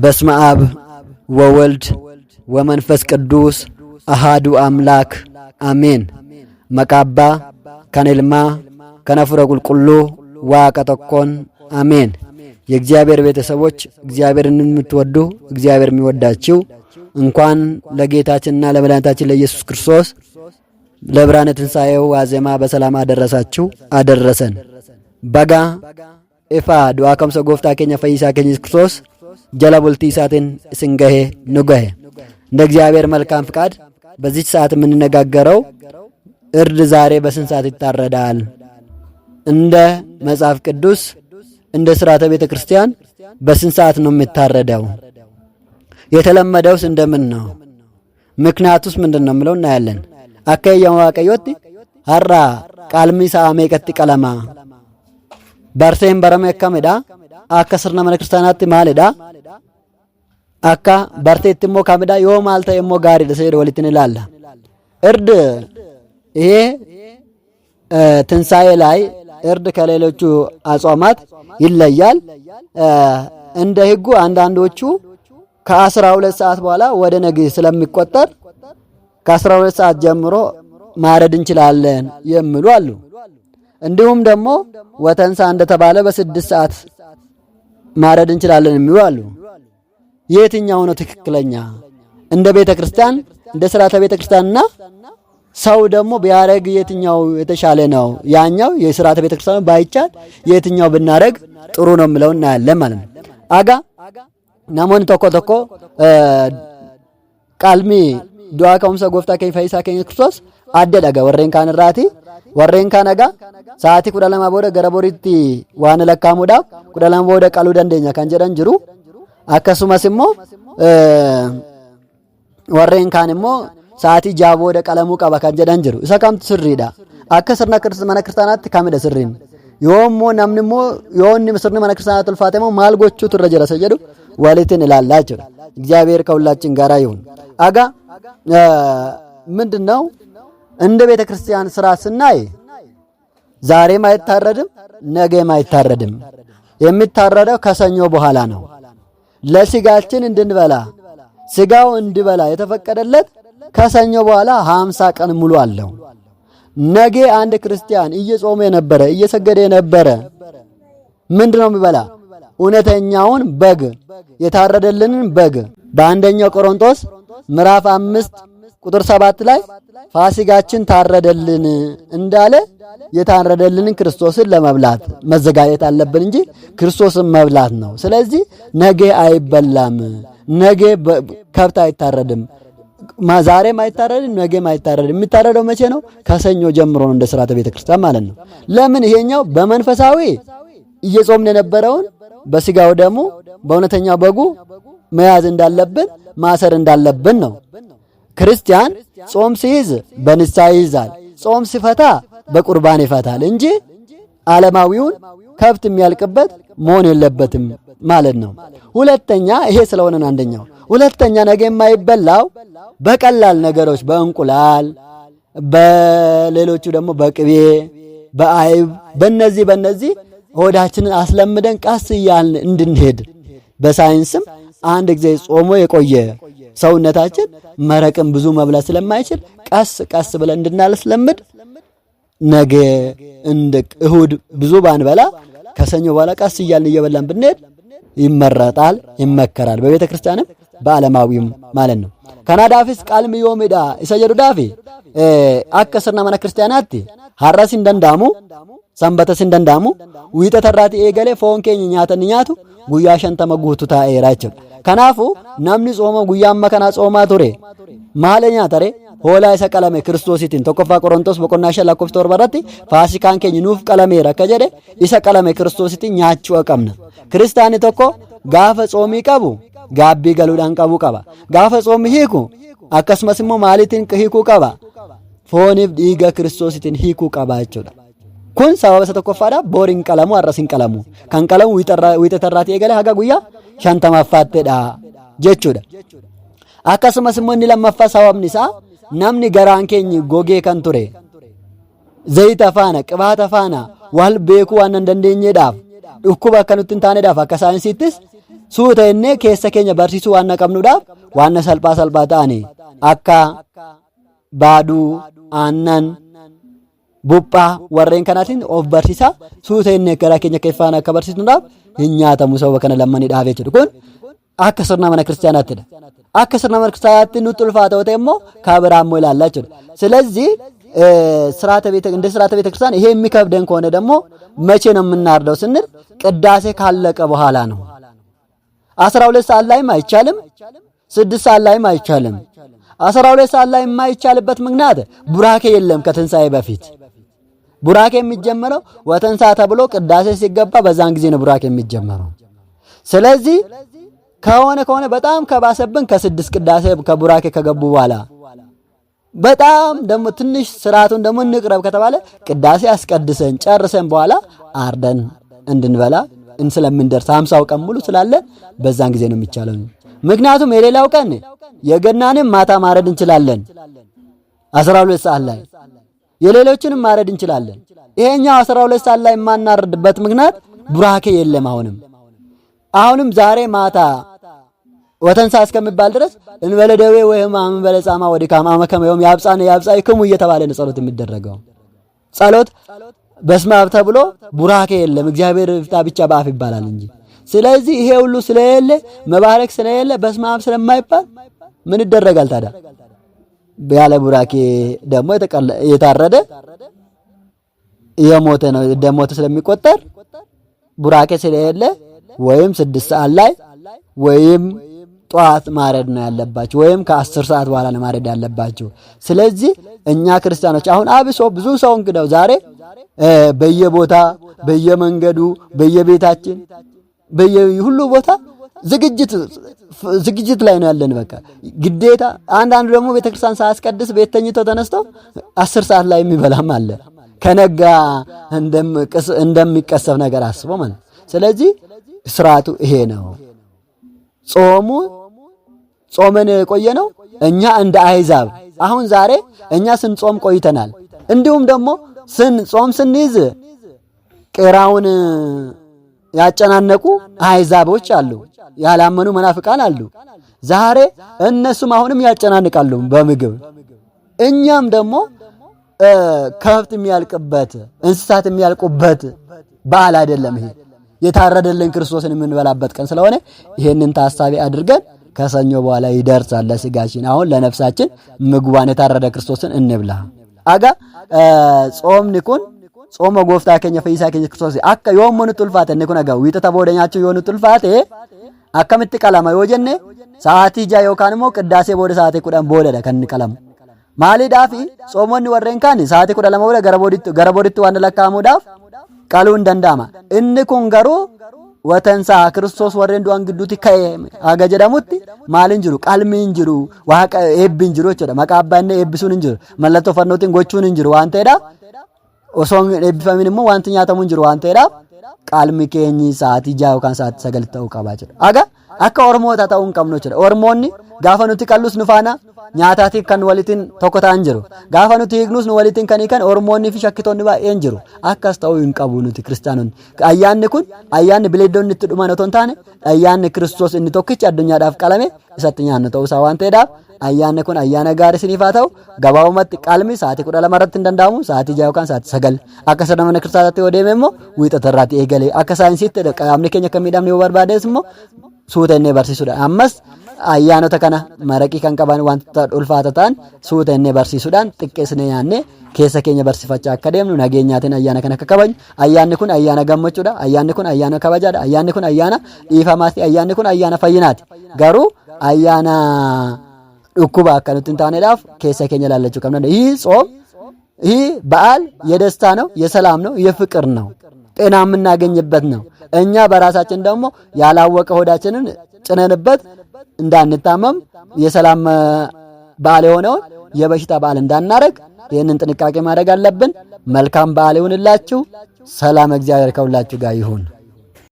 በስመ አብ ወወልድ ወመንፈስ ቅዱስ አሃዱ አምላክ አሜን። መቃባ ከኔልማ ከነፍረ ቁልቁሎ ዋቀተኮን አሜን። የእግዚአብሔር ቤተሰቦች እግዚአብሔርን የምትወዱ እግዚአብሔር የሚወዳችው እንኳን ለጌታችንና ለመድኃኒታችን ለኢየሱስ ክርስቶስ ለብርሃነ ትንሣኤው ዋዜማ በሰላም አደረሳችሁ አደረሰን። በጋ ኢፋ ዱአ ከምሰ ጎፍታ ኬኛ ፈይሳ ኬኝስ ክርስቶስ ጀለ ቡልቲ ሳትን ስን ገሄ እንደ እግዚአብሔር መልካም ፍቃድ በዚች ሰዓት የምንነጋገረው እርድ ዛሬ በስንት ሰዓት ይታረዳል? እንደ መጽሐፍ ቅዱስ እንደ ስርዓተ ቤተ ክርስቲያን በስንት ሰዓት ነው የሚታረደው? የተለመደውስ እንደምን ነው? ምክንያቱስ ምንድን ነው የምለው እናያለን። አካያው ዋቀዮት አራ ቃልሚ ሳሜ ቀጥ ቀለማ በርሴን በረመ akka sirna mana kiristaanaatti maalidha? Akka barteetti immoo kamidha? Yoo maal ta'e immoo gaariidha isa walittiin ilaalla. እርድ ይሄ ትንሣኤ ላይ እርድ ከሌሎቹ አጽዋማት ይለያል። እንደ ሕጉ አንዳንዶቹ ከአስራ ሁለት ሰዓት በኋላ ወደ ነግ ስለሚቆጠር ከአስራ ሁለት ሰዓት ጀምሮ ማረድ እንችላለን የሚሉ አሉ። እንዲሁም ደግሞ ወተንሳ እንደተባለ በስድስት ሰዓት ማረድ እንችላለን የሚሉ አሉ። የትኛው ነው ትክክለኛ? እንደ ቤተ ክርስቲያን እንደ ስርዓተ ቤተ ክርስቲያንና ሰው ደግሞ ቢያረግ የትኛው የተሻለ ነው? ያኛው የስርዓተ ቤተ ክርስቲያን ባይቻል የትኛው ብናረግ ጥሩ ነው የሚለው እናያለን ማለት ነው። አጋ ናሞን ተኮ ተኮ ቃልሚ ዱዓ ከውምሰ ጎፍታ ከኝ ፈይሳ ከኝ ክርስቶስ አደዳጋ ወረን ካንራቲ warreen kaan egaa sa'aatii kudha lamaa booda gara boriitti waan lakkaamuudhaaf kudha lama booda qaluu dandeenya kan jedhan jiru. Akkasumas immoo warreen kaan immoo sa'aatii ja'a booda qalamuu qaba kan jedhan jiru. Isa kamtu sirriidha. Akka sirna mana kiristaanaatti kamidha sirriin? Yoommoo namni immoo yoonni sirni mana kiristaanaatti ulfaate immoo maal gochuutu irra jira isa jedhu waliitiin ilaallaa jechuudha. እግዚአብሔር ከሁላችን ጋር ይሁን። አጋ ምንድን ነው እንደ ቤተ ክርስቲያን ስራ ስናይ ዛሬም አይታረድም፣ ነገም አይታረድም። የሚታረደው ከሰኞ በኋላ ነው። ለስጋችን እንድንበላ ስጋው እንድበላ የተፈቀደለት ከሰኞ በኋላ ሃምሳ ቀን ሙሉ አለው። ነገ አንድ ክርስቲያን እየጾመ የነበረ እየሰገደ የነበረ ነው የሚበላ? እውነተኛውን በግ የታረደልንን በግ በአንደኛው ቆሮንቶስ ምዕራፍ አምስት ቁጥር ሰባት ላይ ፋሲጋችን ታረደልን እንዳለ የታረደልንን ክርስቶስን ለመብላት መዘጋጀት አለብን እንጂ ክርስቶስን መብላት ነው። ስለዚህ ነገ አይበላም፣ ነገ ከብት አይታረድም፣ ዛሬም አይታረድም፣ ነገም አይታረድም። የሚታረደው መቼ ነው? ከሰኞ ጀምሮ ነው፣ እንደ ስርዓተ ቤተ ክርስቲያን ማለት ነው። ለምን? ይሄኛው በመንፈሳዊ እየጾምን የነበረውን በስጋው ደግሞ በእውነተኛው በጉ መያዝ እንዳለብን ማሰር እንዳለብን ነው። ክርስቲያን ጾም ሲይዝ በንሳ ይይዛል፣ ጾም ሲፈታ በቁርባን ይፈታል እንጂ ዓለማዊውን ከብት የሚያልቅበት መሆን የለበትም ማለት ነው። ሁለተኛ ይሄ ስለሆነን አንደኛው ሁለተኛ ነገ የማይበላው በቀላል ነገሮች በእንቁላል፣ በሌሎቹ ደግሞ በቅቤ፣ በአይብ በነዚህ በነዚህ ሆዳችንን አስለምደን ቀስ እያልን እንድንሄድ በሳይንስም አንድ ጊዜ ጾሞ የቆየ ሰውነታችን መረቅም ብዙ መብላት ስለማይችል ቀስ ቀስ ብለን እንድናለስለምድ ነገ እንደ እሁድ ብዙ ባንበላ ከሰኞ በኋላ ቀስ እያልን እየበላን ብንሄድ ይመረጣል፣ ይመከራል። በቤተ ክርስቲያንም በዓለማዊም ማለት ነው። ከናዳፊስ ቃል ዮሜዳ ይሰየዱ ዳፊ አከስርና መና ክርስቲያናት ሐራሲ እንደንዳሙ ሰንበተስ እንደንዳሙ ዊጠተራቲ ኤገሌ ፎንኬኝ ኛተን ኛቱ guyyaa shantama guututaa eeraa jechuudha. Kanaafuu namni tsooma guyyaa amma kanaa tsoomaa ture maal maala ree? hoolaa isa qalame kiristoositiin tokkoffaa qorontoos boqonnaa shan lakkoofsa torba irratti faasikaan keenya nuuf qalameera akka jedhe isa qalame kiristoositiin nyaachuu qabna. Kiristaani tokko gaafa tsoomii qabu gaabbii galuudhaan qabu qaba. Gaafa tsoomii hiiku akkasumas immoo maalitiin hiikuu qaba? Fooniif dhiiga kiristoositiin hiikuu qaba jechuudha. ኩን ሰበበ ሰተኮፋዳ ቦሪን ቀለሙ አረሲን ቀለሙ ከን ቀለሙ ዊጠተራት ኤገለ ሀጋ ጉያ ሻንተ ማፋቴዳ ጀቹዳ አካሱመስ ሞኒ ለመፋ ሰዋብኒሳ ናምኒ ገራን ኬኝ ጎጌ ከን ቱሬ ዘይተ ፋነ ቅባተ ፋና ዋል ቤኩ ዋነን ደንደኘዳፍ ዱኩባ ከኑትን ታነዳፍ አካሳን ሲትስ ሱተኔ ኬሰ ኬኛ በርሲሱ ዋና ቀምኑዳፍ ዋነ ሰልጳ ሰልጳ ታኔ አካ ባዱ አናን Buphaa warreen kanaatiin of barsiisa suuta inni karaa keenya keeffaan akka barsiisnuudhaaf hin nyaatamu sababa kana lammanii dhaabee jiru. Kun akka sirna mana kiristaanaattidha. Akka sirna mana kiristaanaatti nutti ulfaata yoo ta'e immoo kabiraa immoo ilaallaa jechuudha. ስለዚህ እንደ ስርዓተ ቤተ ክርስቲያን ይሄ የሚከብደን ከሆነ ደግሞ መቼ ነው የምናርደው ስንል ቅዳሴ ካለቀ በኋላ ነው። አስራ ሁለት ሰዓት ላይም አይቻልም፣ ስድስት ሰዓት ላይም አይቻልም። አስራ ሁለት ሰዓት ላይ የማይቻልበት ምክንያት ቡራኬ የለም ከትንሣኤ በፊት ቡራኬ የሚጀመረው ወተንሳ ተብሎ ቅዳሴ ሲገባ በዛን ጊዜ ነው ቡራኬ የሚጀመረው። ስለዚህ ከሆነ ከሆነ በጣም ከባሰብን ከስድስት ቅዳሴ ከቡራኬ ከገቡ በኋላ በጣም ደግሞ ትንሽ ስርዓቱን ደግሞ እንቅረብ ከተባለ ቅዳሴ አስቀድሰን ጨርሰን በኋላ አርደን እንድንበላ ስለምንደርስ ሀምሳው ቀን ሙሉ ስላለ በዛን ጊዜ ነው የሚቻለው። ምክንያቱም የሌላው ቀን የገናንም ማታ ማረድ እንችላለን አስራ ሁለት ሰዓት ላይ የሌሎችን ማረድ እንችላለን። ይሄኛው 12 ሰዓት ላይ የማናርድበት ምክንያት ቡራኬ የለም። አሁንም አሁንም ዛሬ ማታ ወተንሳ እስከሚባል ድረስ እንበለደዌ ወህማም በለጻማ ወድካም አመከመዮም ያብጻነ ያብጻይ ያብጻይክሙ እየተባለ ነው ጸሎት የሚደረገው። ጸሎት በስመ አብ ተብሎ ቡራኬ የለም። እግዚአብሔር ፍታ ብቻ በአፍ ይባላል እንጂ። ስለዚህ ይሄ ሁሉ ስለሌለ መባረክ ስለሌለ በስመ አብ ስለማይባል ምን ይደረጋል ታዲያ? ያለ ቡራኬ ደግሞ የታረደ የሞተ ነው፣ እንደሞተ ስለሚቆጠር ቡራኬ ስለሌለ ወይም ስድስት ሰዓት ላይ ወይም ጠዋት ማረድ ነው ያለባቸው፣ ወይም ከአስር ሰዓት በኋላ ነው ማረድ ያለባቸው። ስለዚህ እኛ ክርስቲያኖች አሁን አብሶ ብዙ ሰው እንግዳው ዛሬ በየቦታ በየመንገዱ በየቤታችን በየሁሉ ቦታ ዝግጅት ዝግጅት ላይ ነው ያለን። በቃ ግዴታ አንዳንዱ ደግሞ ቤተክርስቲያን ሳያስቀድስ ቤት ተኝቶ ተነስቶ አስር ሰዓት ላይ የሚበላም አለ። ከነጋ እንደሚቀሰፍ ነገር አስቦ ማለት ስለዚህ ስርዓቱ ይሄ ነው። ጾሙ ጾመን የቆየ ነው። እኛ እንደ አይዛብ አሁን ዛሬ እኛ ስንጾም ቆይተናል። እንዲሁም ደግሞ ስን ጾም ስንይዝ ቄራውን ያጨናነቁ አይዛቦች አሉ። ያላመኑ መናፍቃን አሉ። ዛሬ እነሱም አሁንም ያጨናንቃሉ በምግብ እኛም ደግሞ ከብት የሚያልቅበት እንስሳት የሚያልቁበት በዓል አይደለም ይሄ የታረደልን ክርስቶስን የምንበላበት ቀን ስለሆነ ይሄንን ታሳቢ አድርገን ከሰኞ በኋላ ይደርሳል ለስጋችን። አሁን ለነፍሳችን ምግቧን የታረደ ክርስቶስን እንብላ። አጋ ጾም ንኩን ጾመ ጎፍታ ከኛ ፈይሳ ከኛ ክርስቶስ አከ ዮሙን ጥልፋት ንኩን አጋ ዊጠ ተቦደኛቸው የሆኑ ጥልፋት akkamitti qalama yoo jenne sa'aatii ja'a yookaan immoo qiddaasee booda sa'aatii kudhan boodadha kan inni qalamu. Maaliidhaa fi soomonni warreen kaan sa'aatii kudha lama booda gara booditti waan lakkaa'amuudhaaf qaluu hin danda'ama. Inni kun garuu watansaa kiristoos warreen du'an gidduutti ka'e haga jedhamutti maaliin jiru qalmiin jiru waaqa eebbiin jiru jechuudha. Maqaa abbaa inni eebbisuun hin jiru mallattoo fannootiin gochuun hin jiru waan ta'eedhaaf osoo hin eebbifamiin immoo wanti nyaatamu hin jiru waan ta'eedhaaf qaalmi keenyi sa'aatii ja'a yookaan sa'aatii sagal ta'uu qaba jira. Aga akka Oromootaa ta'uu hin qabnu jechuudha. Oromoonni gaafa nuti qallus nu faana nyaataatiif kan walitiin tokko ta'an jiru. Gaafa nuti hiiknus nu walitiin kan hiikan Oromoonnii fi shakkitoonni baay'een jiru. Akkas ta'uu hin qabu nuti kiristaanonni. Ayyaanni kun ayyaanni bileeddoonni itti dhuman otoo hin taane ayyaanni Kiristoos inni tokkichi addunyaadhaaf qalame isatti nyaannu ta'uusaa waan ta'eedhaaf ayyaanni kun ayyaana gaarii isiniif haa ta'u gabaabumatti qalmi sa'aatii kudha lama irratti hin danda'amu sa'aatii ja'a yookaan sa'aatii sagal akka sada mana kiristaataatti yoo deeme immoo wiixata irraatti eegale akka saayinsiitti qaamni keenya akka miidhamne yoo barbaade immoo suuta innee barsiisudha ammas ayyaanota kana maraqii kan qaban wantoota ulfaata ta'an suuta inni barsiisuudhaan xiqqeessinee nyaanne keessa keenya barsiifachaa akka deemnu nageenyaatiin ayyaana kana akka kabajnu ayyaanni kun ayyaana gammachuudha ayyaanni kun ayyaana kabajaadha ayyaanni kun ayyaana dhiifamaati ayyaanni kun ayyaana fayyinaati garuu ayyaana dhukkuba akka nutti hin taaneedhaaf keessa keenya laallachuu qabna ይህ ጾም ይህ በዓል የደስታ ነው፣ የሰላም ነው፣ የፍቅር ነው፣ ጤና የምናገኝበት ነው። እኛ በራሳችን ደግሞ ያላወቀ ሆዳችንን ጭነንበት እንዳንታመም የሰላም በዓል የሆነውን የበሽታ በዓል እንዳናረግ ይህንን ጥንቃቄ ማድረግ አለብን። መልካም በዓል ይሁንላችሁ። ሰላም እግዚአብሔር ከሁላችሁ ጋር ይሁን።